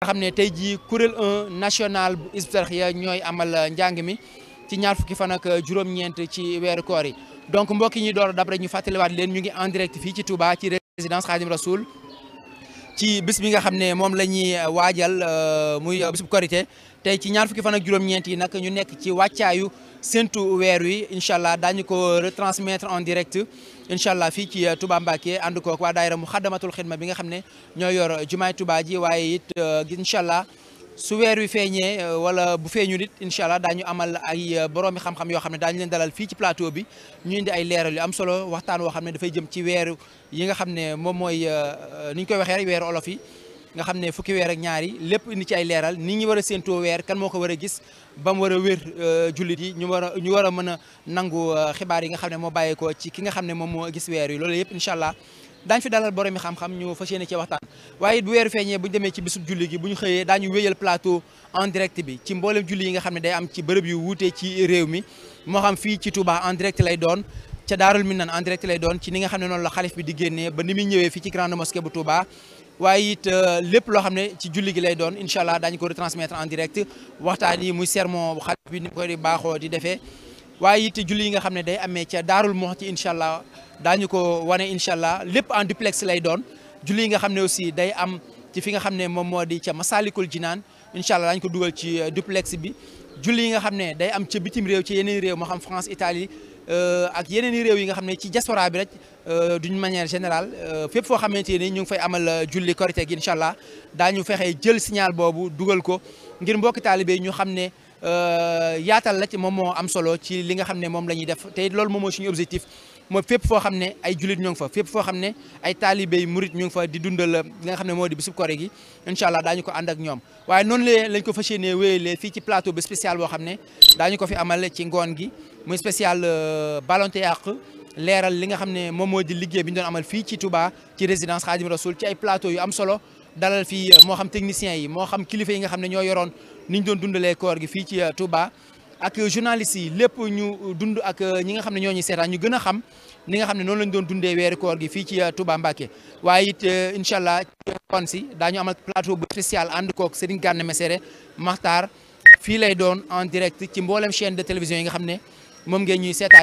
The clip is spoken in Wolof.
nga xam ne tey jii kuréel 1 national bu Hizbut ñooy amal njàng mi ci ñaar fukki fan ak juróom-ñeent ci weeru koor yi donc mbokk yi ñuy door dab ñu fàttaliwaat leen ñu ngi en direct fii ci Touba ci résidence Khadim Rasoul ci bis bi nga xam ne moom la ñuy waajal euh, muy bis bu korité tey ci ñaar fukki fan ak juróom-ñeent yi nag ñu nekk ci wàccaayu séntu weer wi incha allah daañu ko retransmettre en direct incha allah fii ci uh, Touba Mbacké ànd kook waa daayira mu xaddamatul xidma bi nga xam ne ñoo yor uh, jumaa Touba ji waaye it uh, incha allah su weer wi feeñee wala bu feeñu nit incha allah daañu amal ay boroomi xam-xam yoo xam ne daañu leen dalal fii ci plateau bi ñu indi ay leeral yu am solo waxtaan woo xam ne dafay jëm ci weeru yi nga xam ne moom mooy ni ñu koy waxee rek weeru olof yi nga xam ne fukki weer ak ñaari lépp indi ci leeral ni ñu war a séentoo weer kan moo ko war a gis ba mu war a wér euh, jullit yi ñu war a ñu war a mën a nangu euh, xibaar yi nga xam ne moo bàyyeekoo ci ki nga xam ne moom moo gis weer yi loolu yëpp incha allah daañu fi dalal borom mi xam-xam ñu fas yéene ci waxtaan waaye bu weer feeñee bu ñu demee ci bisub julli gi bu ñu xëyee daañu wéyal plateau en direct bi ci mboolem julli yi nga xam ne day am ci bërëb yu wuutee ci réew mi moo xam fii ci Touba en direct lay doon ca Daarul Minan en direct lay doon nga xam ne noonu la xalif bi di génnee ba ni muy ñëwee fii ci grande waaye it euh, lépp loo xam ne ci julli gi lay doon incha allah daañu ko retransmettre en direct waxtaan yi muy sermon xalif bi ni ko di baaxoo di defee waaye it julli yi nga xam ne day amee ca Daarul Muxti incha allah daañu ko wane incha allah lépp en duplex lay doon julli yi nga xam ne aussi day am ci fi nga xam ne moom moo di ca Masalikul Jinaan incha allah daañu ko dugal ci euh, duplex bi julli yi nga xam ne day am ca bitim réew ci yeneen réew moo xam France Italie Euh, ak yeneen i réew yi nga xam ne ci diaspora bi rek euh, d'une manière générale euh, fépp foo xamante ni ñu ngi fay amal julli korite gi incha allah daañu fexe jël signal boobu dugal ko ngir mbokki taalibe ñu xam ne. Euh, yaatal la ci moom moo am solo ci li nga xam ne moom la def tey loolu moom mooy suñu objectif moo fépp foo xam ne ay julit ñu ngi fa fépp foo xam ne ay taalibey murit ñu ngi fa di dundal li nga xam ne moo di bisub koor gi incha allah daañu ko ànd ak ñoom waaye noonu la lañ ko fas yéenee fii ci plateau bi spécial xam ne daañu ko fi amal ci ngoon gi muy spécial euh, balonte yàq leeral li nga xam ne moom moo di liggéey bi ñu doon amal fii ci Touba ci résidence Khadim Rasoul ci ay plateau yu am solo dalal fii euh, moo xam techniciens yi moo xam kilifa yi nga xam ne ñoo yoroon ni ñu doon dundalee koor gi fii ci euh, Touba ak journalistes yi lépp ñu dund ak euh, ñi nga xam ne ñoo ñu seetaan ñu gën a xam ni nga xam ne noonu lañ doon dundee weeri koor gi fii ci euh, Touba Mbacké waaye it incha allah kon si daañu amal plateau bu spécial ànd koog Serigne Gana Messere Makhtar fii lay doon en direct ci mboolem chaîne de télévision yi nga xam ne moom ngeen ñuy seetaan